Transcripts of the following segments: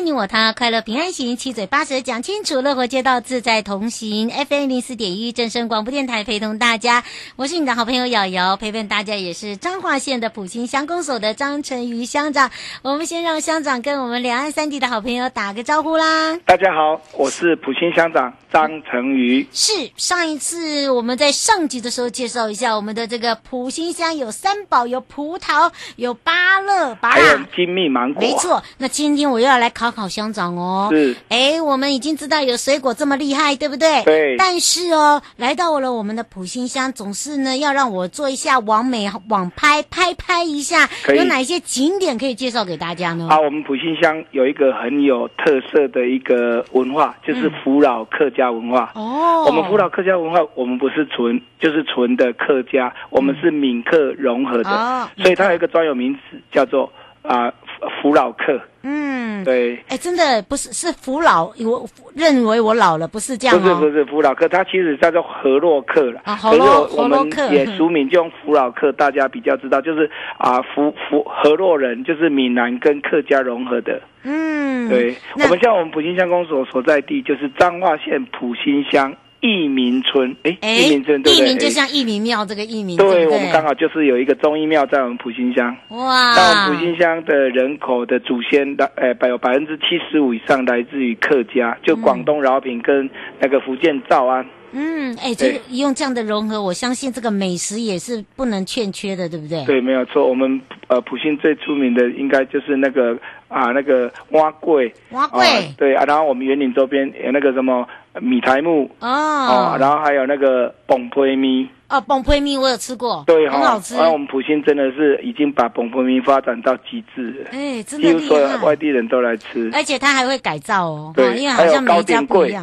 你我他，快樂平安行，七嘴八舌講清楚，樂活街道自在同行。F a 零四點一，正聲廣播電台，陪同大家。我是你的好朋友瑤瑤，陪伴大家也是彰化縣的埔心鄉公所的張乘瑜鄉長。我們先讓鄉長跟我們兩岸三地的好朋友打個招呼啦。大家好，我是埔心鄉長張乘瑜。是上一次我們在上集的時候介紹一下，我們的這個埔心鄉有三寶，有葡萄，有芭樂，芭樂，還有金蜜芒果。沒錯，那今天我又要來考。好好鄉長哦，是，哎、欸，我們已經知道，有水果這麼厲害，對不對？對。但是哦，來到了我們的埔心鄉，總是呢要讓我做一下網美網拍拍拍一下，可以有哪一些景點可以介紹給大家呢？好、啊，我們埔心鄉有一個很有特色的一個文化，就是福佬客家文化。哦、嗯，我們福佬客家文化，我們不是純，就是純的客家，嗯、我們是閩客融合的，哦。所以它有一個專有名字，叫做啊、呃、福佬客。嗯。對，哎、欸，真的不是是福佬我，我認為我老了，不是這樣，哦。不是不是福佬客，他其實叫做河洛客了。啊，河洛我們也俗名就用福佬客，大家比較知道，就是啊，福福河洛人，就是閩南跟客家融合的。嗯，對，那我們像我們埔心鄉公所所在地，就是彰化縣埔心鄉。義民村，哎，義誒民村，對不對？義民就像義民廟，誒這個義民，對，對對，我們剛好就是有一個忠義廟在我們埔心鄉。哇，那我們埔心鄉的人口的祖先的，哎、呃，百有百分之七十五以上來自於客家，就廣東、嗯、饒平跟那個福建詔安。嗯，哎，這、就是、用這樣的融合，對我相信這個美食也是不能欠缺的，對不對？對，沒有錯。我們呃埔心最出名的應該就是那個。啊，那個碗粿，碗粿，對啊，然後我們員林周邊有那個什麼米苔目哦，然後還有那個崩坡米，哦，崩坡米我有吃過，對哈，很好吃。然後我們埔心真的是已經把崩坡米發展到極致了，哎，真的厲害，幾乎所有外地人都來吃，而且它還會改造哦，對，因為好像高低粿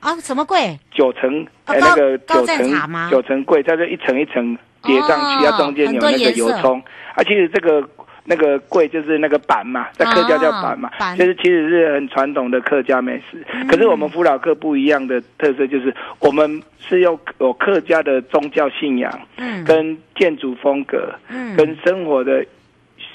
啊，什麼粿九層，哎，那個九層九層粿在這一層一層疊上去啊，中間有那個油蔥，啊其實這個。那個粿就是那個板嘛，在客家叫板嘛，啊、就是其實是很傳統的客家美食。嗯、可是我們福佬客不一樣的特色就是，我們是有有客家的宗教信仰，嗯、跟建築風格，嗯、跟生活的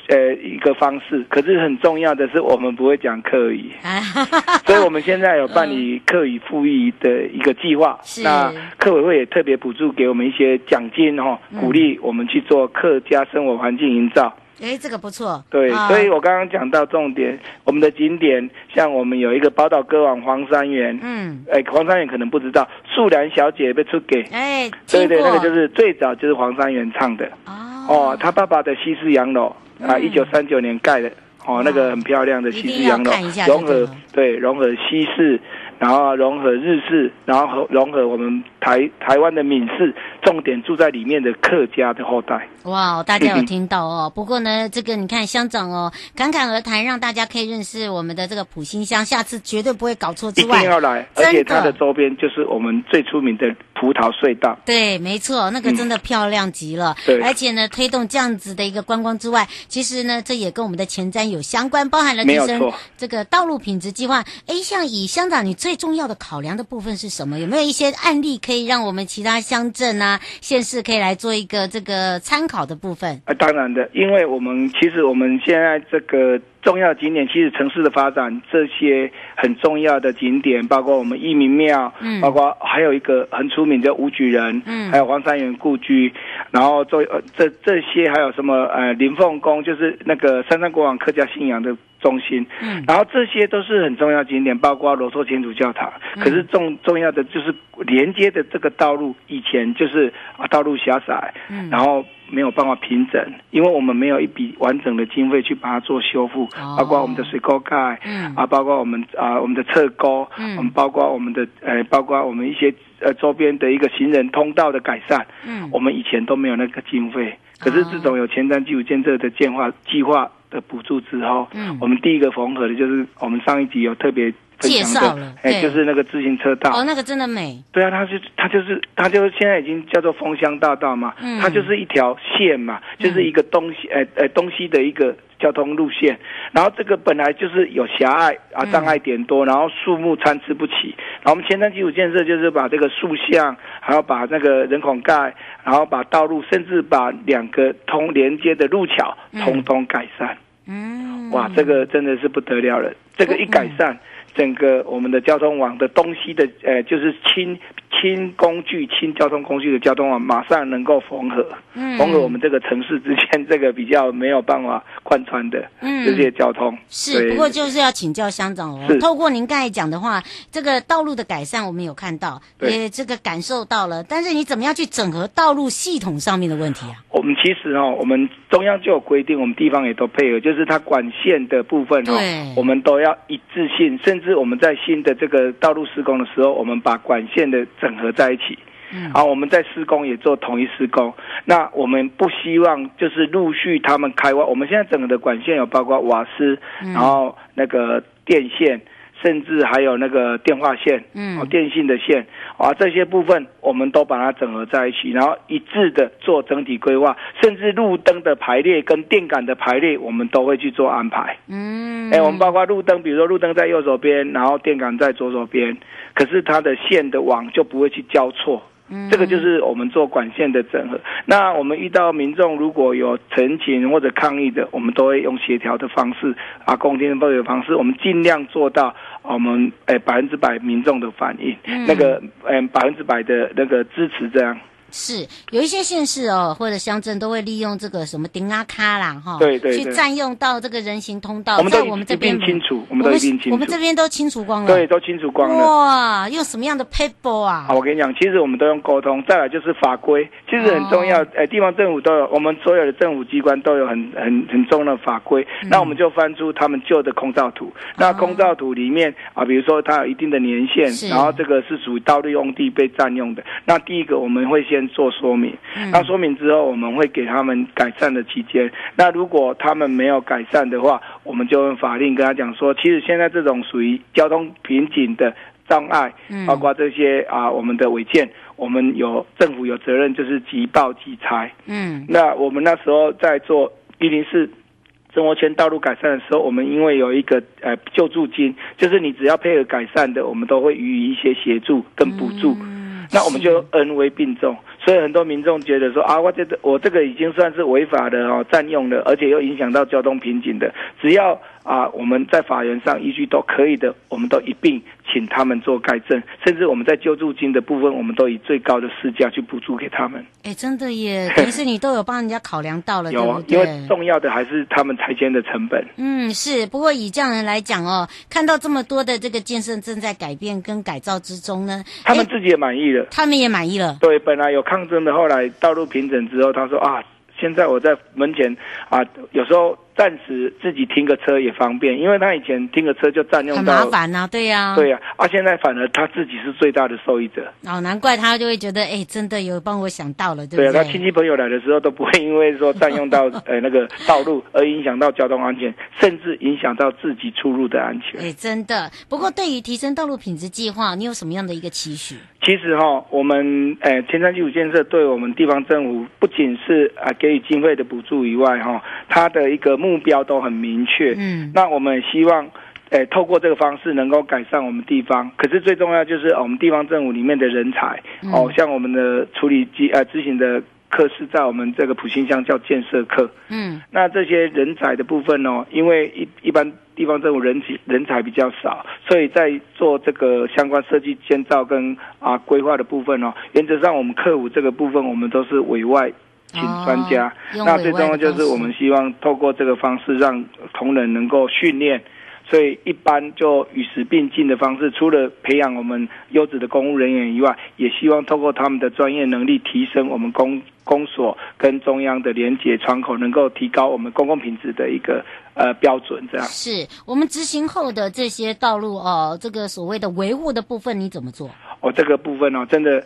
呃一個方式。可是很重要的是，我們不會講客語，哎、哈哈哈哈所以我們現在有辦理客語復語的一個計劃。嗯、那客委會也特別補助給我們一些獎金哈、哦，鼓勵我們去做客家生活環境營造。哎，這個不錯。對，哦、所以我剛剛講到重點，我們的景點像我們有一個寶島歌王黃三元。嗯，哎，黃三元可能不知道，《素蘭小姐》要出嫁，哎，對對，那個就是最早就是黃三元唱的。哦，哦，他爸爸的西式洋樓、嗯、啊，一九三九年蓋的，哦，哦，那個很漂亮的西式洋樓，一看一下融合對融合西式，然後融合日式，然後和融合我們台台灣的閩式。重點住在裡面的客家的後代，哇！大家有聽到哦。嗯嗯，不過呢，這個你看鄉長哦，侃侃而談，讓大家可以認識我們的這個埔心鄉。下次絕對不會搞錯之外，一定要來，的而且它的周邊就是我們最出名的葡萄隧道。對，沒錯，那個真的漂亮極了。嗯、對，而且呢，推動這樣子的一個觀光之外，其實呢，這也跟我們的前瞻有相關，包含了提升這個道路品質計劃。誒，像以鄉長你最重要的考量的部分是什麼？有沒有一些案例可以讓我們其他鄉鎮呢？現世可以來做一個這個參考的部分啊，當然的，因為我們其實我們現在這個重要景點，其實城市的發展，這些很重要的景點，包括我們義民廟，嗯，包括還有一個很出名叫武舉人，嗯，還有黃山園故居，然後做呃這這些還有什麼呃霖鳳宮，就是那個三山、山國王客家信仰的中心，嗯，然後這些都是很重要的景點，包括羅厝天主教堂。嗯、可是重重要的就是連接的這個道路，以前就是啊道路狹窄，嗯，然後沒有辦法平整，因為我們沒有一筆完整的經費去把它做修復，哦、包括我們的水溝蓋，嗯，啊，包括我們啊我們的側溝，嗯，包括我們的呃包括我們一些呃周邊的一個行人通道的改善，嗯，嗯我們以前都沒有那個經費，可是這種有前瞻基礎建設的建化計劃。的補助之後，嗯，我們第一個縫合的就是我們上一集有特別介紹的，哎，就是那個自行車道哦，那個真的美。對啊，它是它就是它就現在已經叫做楓香大道嘛，嗯、它就是一條線嘛，就是一個東西，哎、嗯、東西的一個交通路線。然後這個本來就是有狹隘啊，障礙點多，嗯、然後樹木參差不齊。然後我們前瞻基礎建設就是把這個樹像，還要把那個人孔蓋，然後把道路，甚至把兩個通連接的路橋通通改善。嗯，哇，這個真的是不得了了，這個一改善。哦嗯整個我們的交通網的東西的，呃，就是輕輕工具、輕交通工具的交通啊，馬上能夠縫合，嗯、縫合我們這個城市之間這個比較沒有辦法貫穿的這些交通。嗯、是，對不過就是要請教鄉長哦。是透過您剛才講的話，這個道路的改善我們有看到，對也這個感受到了。但是你怎麼樣去整合道路系統上面的問題啊？我們其實哦，我們中央就有規定，我們地方也都配合，就是它管線的部分哦，對我們都要一致性。甚至我們在新的這個道路施工的時候，我們把管線的。整合在一起，嗯，然後我們在施工也做統一施工。那我們不希望就是陸續他們開挖，我們現在整個的管線有包括瓦斯，嗯，然後那個電線。甚至還有那個電話線，嗯，電信的線啊，這些部分我們都把它整合在一起，然後一致的做整體規劃，甚至路燈的排列跟電桿的排列，我們都會去做安排。嗯，哎、欸，我們包括路燈，比如說路燈在右手邊，然後電桿在左手邊，可是它的線的網就不會去交錯。這個就是我們做管線的整合。那我們遇到民眾，如果有陳情或者抗議的，我們都會用協調的方式啊，公聽的方式，我們盡量做到我們哎百分之百民眾的反應，嗯、那個嗯百分之百的那個支持這樣。是有一些縣市哦，或者鄉鎮都會利用這個什麼丁阿卡啦哈，對，對對，去占用到這個人行通道。我們都在我們這邊清楚，我們都已經清楚我。我們這邊都清除光了，對，都清除光了。哇，用什麼樣的撇步啊？我跟你講，其實我們都用溝通，再來就是法規，其實很重要，哦欸。地方政府都有，我們所有的政府機關都有很很很重要的法規。嗯、那我們就翻出他們舊的空照圖，哦、那空照圖裡面啊，比如說它有一定的年限，是然後這個是屬於道路用地被占用的。那第一個我們會先。做說明，那說明之後，我們會給他們改善的期間。那如果他們沒有改善的話，我們就用法令跟他講說，其實現在這種屬於交通瓶頸的障礙，包括這些啊、呃，我們的違建，我們有政府有責任，就是即報即拆。嗯，那我們那時候在做一零四生活圈道路改善的時候，我們因為有一個呃救助金，就是你只要配合改善的，我們都會予以一些協助跟補助。嗯，那我們就恩威並重。所以很多民眾覺得說啊，我覺得我這個已經算是違法的哦，占用了，而且又影響到交通瓶頸的。只要啊，我們在法源上依據都可以的，我們都一併請他們做改正，甚至我們在救助金的部分，我們都以最高的市價去補助給他們。哎、欸，真的耶，其實你都有幫人家考量到了，對 有，對對，因為重要的還是他們拆遷的成本。嗯，是。不過以這樣的人來講哦，看到這麼多的這個建設正在改變跟改造之中呢，他們自己也滿意了。欸、他們也滿意了。對，本來有。抗爭的。後來道路平整之後，他說啊，現在我在門前啊，有時候，暫時自己停個車也方便，因為他以前停個車就占用到很麻煩啊，對呀、啊，對呀、啊，啊，現在反而他自己是最大的受益者哦，難怪他就會覺得，哎，真的有幫我想到了，對不對，對、啊、他親戚朋友來的時候都不會因為說占用到呃 那個道路而影響到交通安全，甚至影響到自己出入的安全。哎，真的。不過對於提升道路品質計劃，你有什麼樣的一個期許？其實哈、哦，我們呃前瞻基礎建設對我們地方政府不僅是啊給予經費的補助以外，哈，它的一個。目標都很明確，嗯，那我們希望，誒、欸，透過這個方式能夠改善我們地方。可是最重要就是、哦、我們地方政府裡面的人才，嗯、哦，像我們的處理機，呃，執行的課室在我們這個埔心鄉叫建設課，嗯，那這些人才的部分呢、哦，因為一一般地方政府人人才比較少，所以在做這個相關設計建造跟啊規劃的部分呢、哦，原則上我們客戶這個部分我們都是委外。請專家，哦、那最重要就是我們希望透過這個方式，讓同仁能夠訓練。所以，一般就與時並進的方式，除了培養我們優質的公務人員以外，也希望通過他們的專業能力，提升我們公公所跟中央的連接窗口，能夠提高我們公共品質的一個呃標準。這樣，是我們執行後的這些道路哦、呃，這個所謂的維護的部分，你怎麼做？哦，這個部分哦，真的，誒，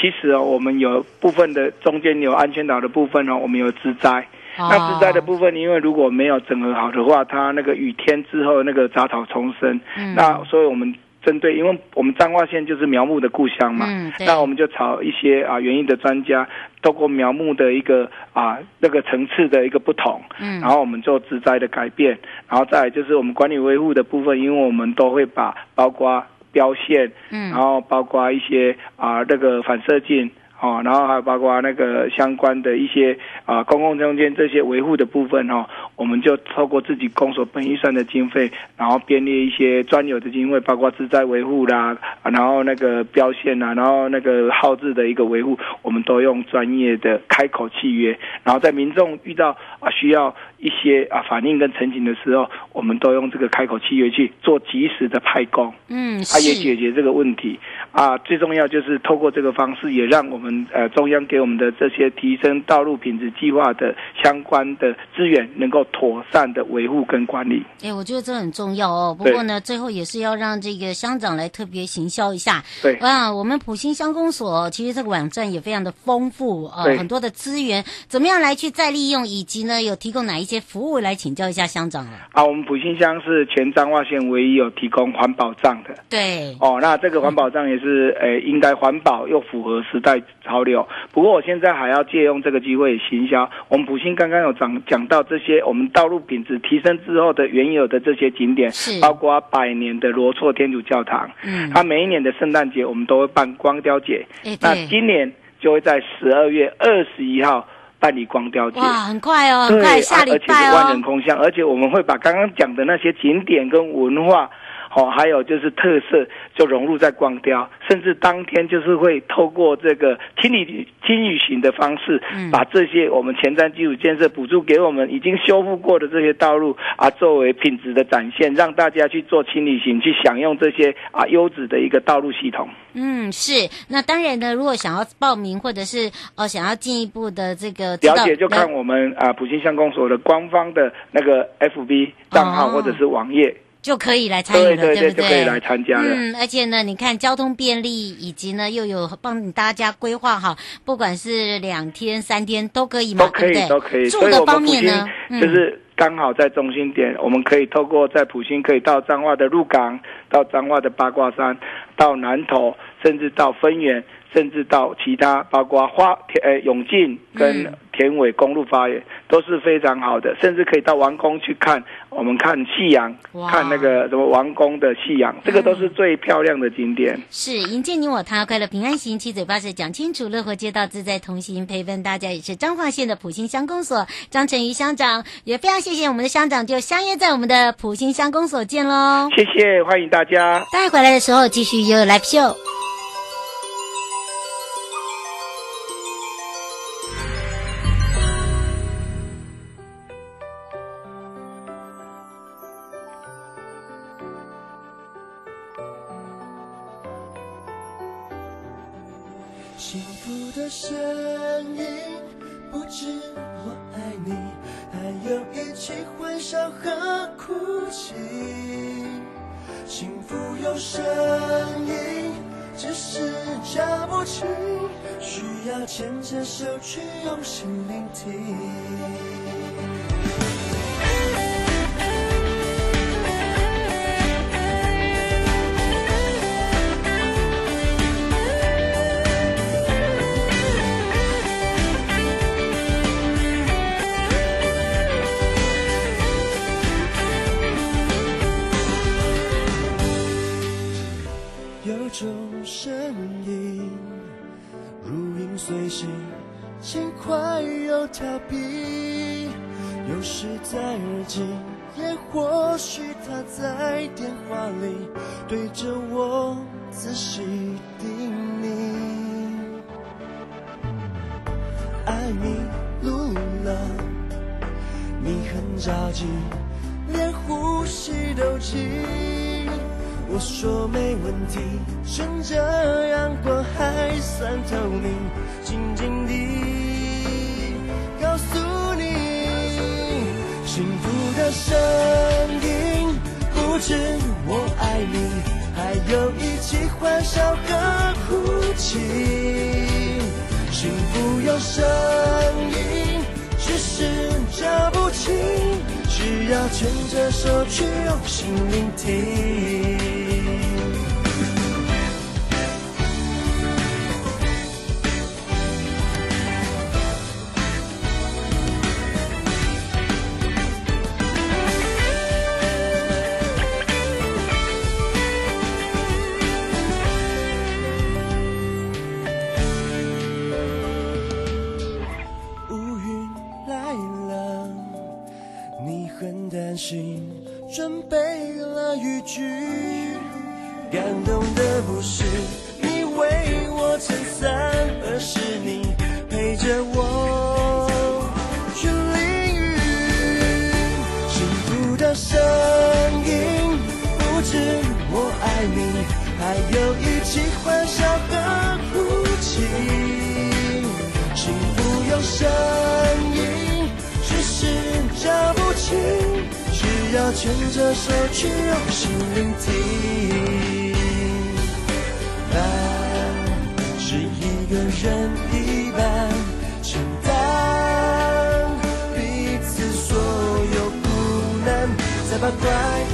其實哦，我們有部分的中間有安全島的部分哦，我們有植栽。那植栽的部分，因為如果沒有整合好的話，它那個雨天之後那個雜草叢生。嗯，那所以我們針對，因為我們彰化縣就是苗木的故鄉嘛。嗯，那我們就找一些啊、呃、園藝的專家，透過苗木的一個啊、呃、那個層次的一個不同，嗯，然後我們做植栽的改變，然後再來就是我們管理維護的部分，因為我們都會把包括標線，嗯，然後包括一些啊、呃、那個反射鏡。哦，然後還有包括那個相關的一些啊、呃、公共空間這些維護的部分哦，我們就透過自己公所本預算的經費，然後編列一些專有的經費，包括自在維護啦、啊，然後那個標線吶，然後那個號誌的一個維護，我們都用專業的開口契約，然後在民眾遇到啊需要一些啊反應跟陳情的時候，我們都用這個開口契約去做及時的派工，嗯、啊，也解決這個問題。啊，最重要就是透過這個方式，也讓我們呃中央給我們的這些提升道路品質計劃的相關的資源，能夠妥善的維護跟管理。哎、欸，我覺得這很重要哦。不過呢，對最後也是要讓這個鄉長來特別行銷一下。對。啊，我們埔心鄉公所其實這個網站也非常的豐富呃，對很多的資源，怎麼樣來去再利用，以及呢有提供哪一些服務，來請教一下鄉長啊。啊，我們埔心鄉是全彰化縣唯一有提供環保葬的。對。哦，那這個環保葬也是、嗯。是，哎、呃，應該環保又符合時代潮流。不過，我現在還要借用這個機會行銷。我們埔心剛剛有講講到這些，我們道路品質提升之後的原有的這些景點，是包括百年的羅厝天主教堂。嗯，他、啊、每一年的聖誕節我們都會辦光雕節，欸、那今年就會在十二月二十一號辦理光雕節。很快哦，很快對，下、哦啊、而且是萬人空巷，而且我們會把剛剛講的那些景點跟文化。哦，還有就是特色就融入在光雕，甚至當天就是會透過這個輕旅、輕旅行的方式，把這些我們前瞻基礎建設補助給我們已經修復過的這些道路啊，作為品質的展現，讓大家去做輕旅行，去享用這些啊優質的一個道路系統。嗯，是。那當然呢，如果想要報名或者是哦想要進一步的這個了解，就看我們、嗯、啊埔心鄉公所的官方的那個 FB 賬號、哦、或者是網頁。就可以來參與了，對對對，對對就可以來參加了。嗯，而且呢，你看交通便利，以及呢又有幫大家規劃好，不管是兩天三天都可以嘛？對對，都可以，都可以。住的方面呢，就是剛好在中心點，嗯、我們可以透過在埔心可以到彰化的鹿港，到彰化的八卦山，到南投，甚至到芬園。甚至到其他，包括花田、呃永靖跟田尾公路花園，嗯、都是非常好的。甚至可以到王宮去看，哦、我們看夕陽，哇看那個什麼王宮的夕陽，嗯、這個都是最漂亮的景點。是營建你我他，快樂平安行，七嘴八舌講清楚，樂活街道自在同行，陪，陪伴大家也是彰化縣的埔心鄉公所張乘瑜鄉長，也非常謝謝我們的鄉長，就相約在我們的埔心鄉公所見嘍。謝謝，歡迎大家。大家回來的時候繼續有 Live Show。幸福的聲音不止我愛你，還有一起歡笑和哭泣。幸福有聲音，只是講不清，需要牽着手去用心聆聽。有聲音如影隨形，輕快又調皮。有時在耳際，也或許他在電話裡對着我仔細叮嚀。愛迷路了，你很着急，連呼吸都急。我說沒問題，趁着陽光還算透明，靜靜地告訴你，幸福的聲音不止我愛你，還有一起歡笑和哭泣，幸福有聲音。牽着手，去用心聆聽。是我愛你，還有一起歡笑和哭泣。幸福有聲音，只是叫不清，只要牽着手去用心聆聽。愛、哦、是，是一個人一半承擔彼此所有苦難，再把快。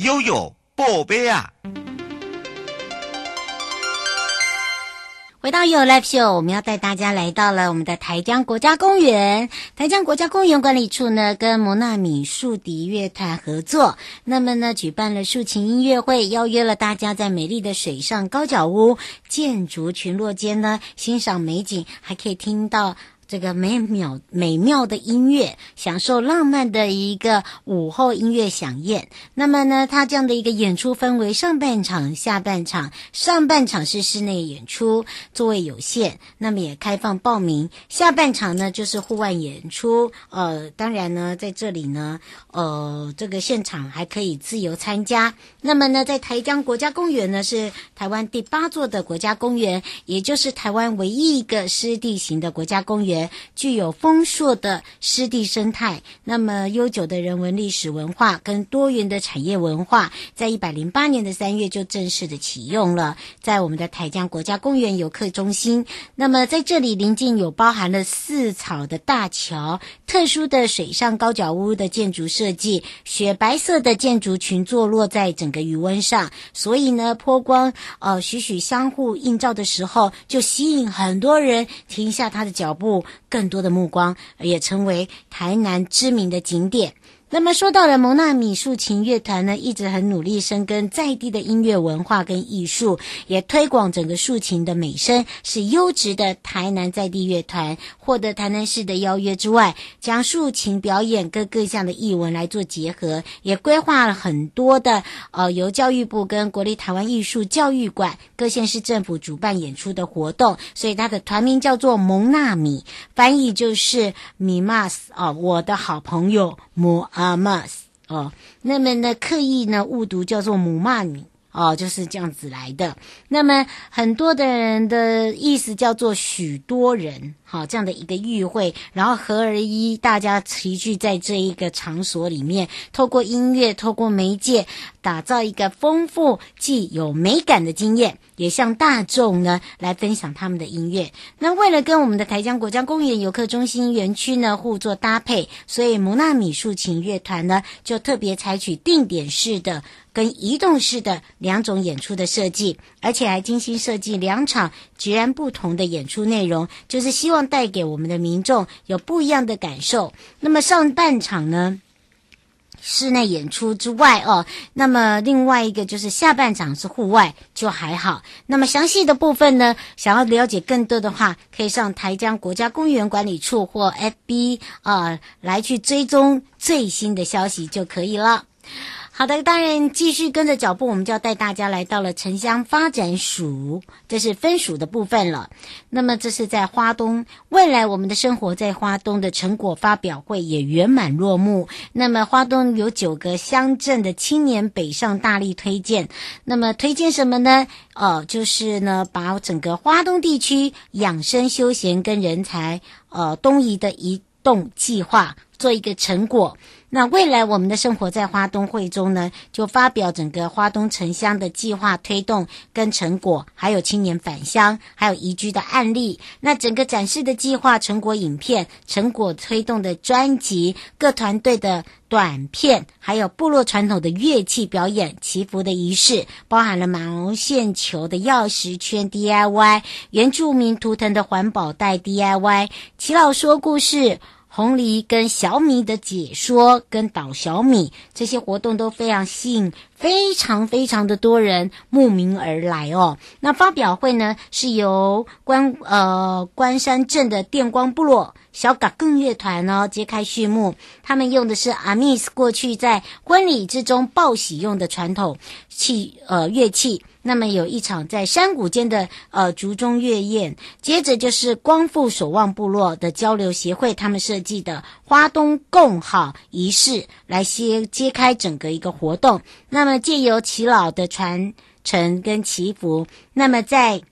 悠悠，寶貝啊！回到 u 有 o 秀，我們要帶大家來到了我們的台江國家公園。台江國家公園管理處呢，跟摩納米豎笛樂團合作，那麼呢，舉辦了豎琴音樂會，邀約了大家在美麗的水上高腳屋建築群落間呢，欣賞美景，還可以聽到。這個美妙美妙的音樂，享受浪漫的一個午後音樂饗宴。那麼呢，它這樣的一個演出分為上半場、下半場。上半場是室內演出，座位有限，那麼也開放報名。下半場呢，就是戶外演出。呃，當然呢，在這裡呢，呃，這個現場還可以自由參加。那麼呢，在台江國家公園呢，是台灣第八座的國家公園，也就是台灣唯一一個濕地型的國家公園。具有豐碩的濕地生態，那麼悠久的人文歷史文化跟多元的產業文化，在一百零八年的三月就正式的啟用了，在我們的台江國家公園遊客中心。那麼在這裡，鄰近有包含了四草的大橋，特殊的水上高腳屋的建築設計，雪白色的建築群坐落在整個魚塭上，所以呢，波光呃徐徐相互映照的時候，就吸引很多人停下他的腳步，更多的目光，也成為台南知名的景點。那麼說到了蒙娜米豎琴樂團呢，一直很努力深耕在地的音樂文化跟藝術，也推廣整個豎琴的美聲，是優質的台南在地樂團。獲得台南市的邀約之外，將豎琴表演跟各、各項的藝文來做結合，也規劃了很多的呃由教育部跟國立台灣藝術教育館、各縣市政府主辦演出的活動。所以它的團名叫做蒙娜米，翻譯就是 Mimas，哦、呃，我的好朋友摩。啊嘛、uh, 哦，那麼呢，刻意呢誤讀叫做母罵女哦，就是這樣子來的。那麼很多的人的意思叫做許多人。好，這樣的一個聚會，然後合而一，大家齊聚在這一個場所裡面，透過音樂，透過媒介，打造一個豐富既有美感的經驗，也向大眾呢來分享他們的音樂。那為了跟我們的台江國家公園遊客中心園區呢互作搭配，所以摩納米豎琴樂團呢就特別採取定點式的跟移動式的兩種演出的設計，而且還精心設計兩場截然不同的演出內容，就是希望。帶給我們的民眾有不一樣的感受。那麼上半場呢，室內演出之外哦，那麼另外一個就是下半場是戶外，就還好。那麼詳細的部分呢，想要了解更多的話，可以上台江國家公園管理處或 FB 啊，呃，來去追蹤最新的消息就可以了。好的，當然繼續跟着腳步，我們就要帶大家來到了城鄉發展署，這是分署的部分了。那麼，這是在花東，未來我們的生活在花東的成果發表會也圓滿落幕。那麼，花東有九個鄉鎮的青年北上大力推薦。那麼，推薦什麼呢？呃，就是呢，把整個花東地區養生休閒跟人才，呃，東移的移動計劃。做一個成果，那未來我們的生活在花東會中呢，就發表整個花東城鄉的計劃推動跟成果，還有青年返鄉，還有宜居的案例。那整個展示的計劃成果影片、成果推動的專輯、各團隊的短片，還有部落傳統的樂器表演、祈福的儀式，包含了毛線球的鑰匙圈 DIY、原住民圖騰的環保袋 DIY、耆老說故事。紅藜跟小米的解說，跟搗小米這些活動都非常吸引，非常非常的多人慕名而來哦。那發表會呢，是由關呃關山鎮的電光部落小嘎更樂團呢、哦、揭開序幕，他們用的是阿密斯過去在婚禮之中報喜用的傳統器呃樂器。那麼有一場在山谷間的呃竹中月宴，接着就是光復守望部落的交流協會他們設計的花東共好儀式來揭，揭開整個一個活動。那麼借由耆老的傳承跟祈福，那麼在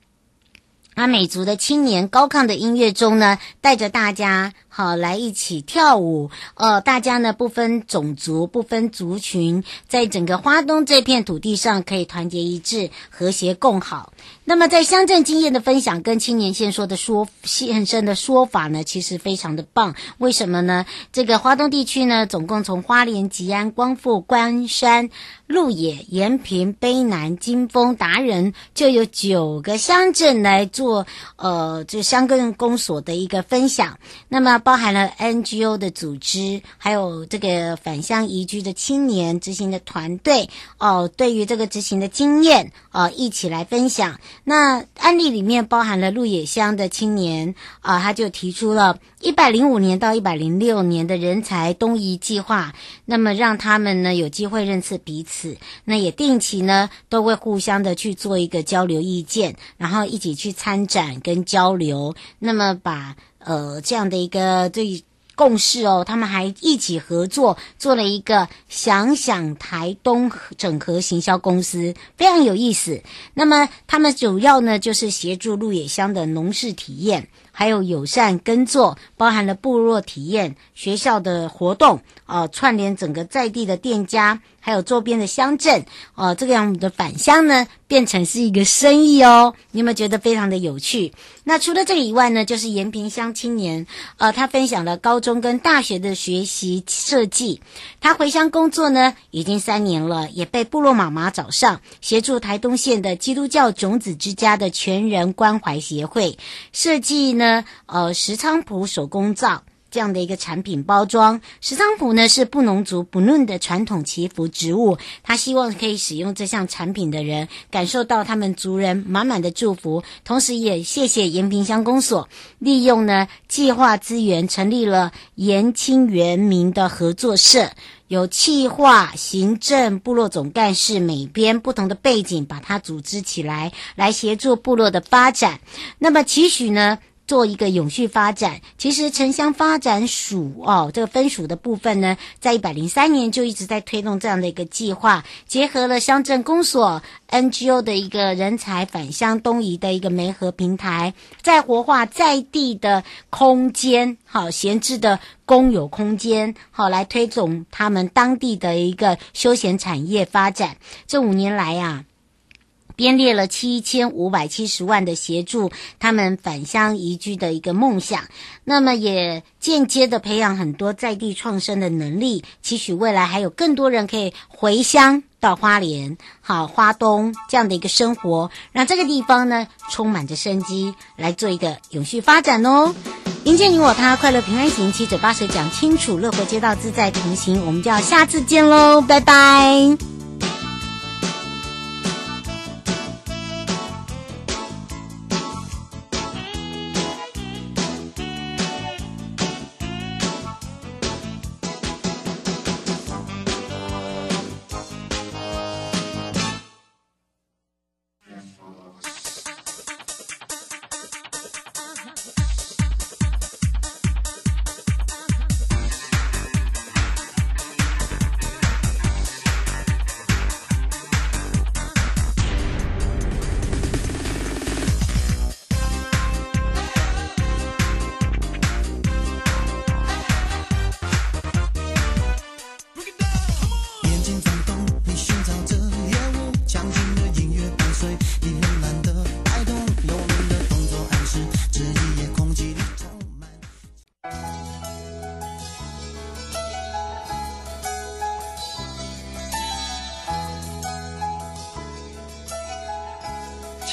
阿美族的青年高亢的音樂中呢，帶着大家，好，來一起跳舞。呃，大家呢不分種族、不分族群，在整個花東這片土地上，可以團結一致、和諧共好。那麼，在鄉鎮經驗的分享跟青年先說的說現身的說法呢，其實非常的棒。為什麼呢？這個花東地區呢，總共從花蓮、吉安、光復、關山、鹿野、延平、卑南、金峰、達仁，就有九個鄉鎮來做呃，這鄉鎮公所的一個分享。那麼。包含了 NGO 的組織，還有這個返鄉移居的青年執行的團隊哦，對於這個執行的經驗哦，一起來分享。那案例裡面包含了鹿野鄉的青年啊，哦，他就提出了一百零五年到一百零六年的人才東移計劃，那麼讓他們呢有機會認識彼此，那也定期呢都會互相的去做一個交流意見，然後一起去參展跟交流，那麼把。呃，這樣的一個對共事哦，他們還一起合作做了一個想想台東整合行銷公司，非常有意思。那麼他們主要呢，就是協助鹿野鄉的農事體驗。還有友善耕作，包含了部落體驗、學校的活動，呃，串聯整個在地的店家，還有周邊的鄉鎮，呃，這個樣子的返鄉呢，變成是一個生意哦。你有沒有覺得非常的有趣？那除了這個以外呢，就是延平鄉青年，呃，他分享了高中跟大學的學習設計。他回鄉工作呢，已經三年了，也被部落媽媽找上，協助台東縣的基督教種子之家的全人關懷協會設計呢。呃，石菖蒲手工皂這樣的一個產品包裝，石菖蒲呢是布農族不論的傳統祈福植物，他希望可以使用這項產品的人感受到他們族人滿滿的祝福，同時也謝謝延平鄉公所利用呢計劃資源成立了延青原民的合作社，有企劃行政部落總幹事每邊不同的背景把它組織起來，來協助部落的發展。那麼期許呢？做一個永續發展，其實城鄉發展署哦，這個分署的部分呢，在一百零三年就一直在推動這樣的一個計劃，結合了鄉鎮公所、NGO 的一個人才返鄉東移的一個媒合平台，在活化在地的空間，好，閒置的公有空間，好，來推動他們當地的一個休閒產業發展。這五年來呀，啊。編列了七千五百七十萬的協助他們返鄉移居的一個夢想，那麼也間接的培養很多在地創生的能力，期許未來還有更多人可以回鄉到花蓮、好花東這樣的一個生活，讓這個地方呢充滿着生機，來做一個永續發展哦。營建你我他，快樂平安行，七嘴八舌講清楚，樂活街道，自在同行，我們就要下次見嘍，拜拜。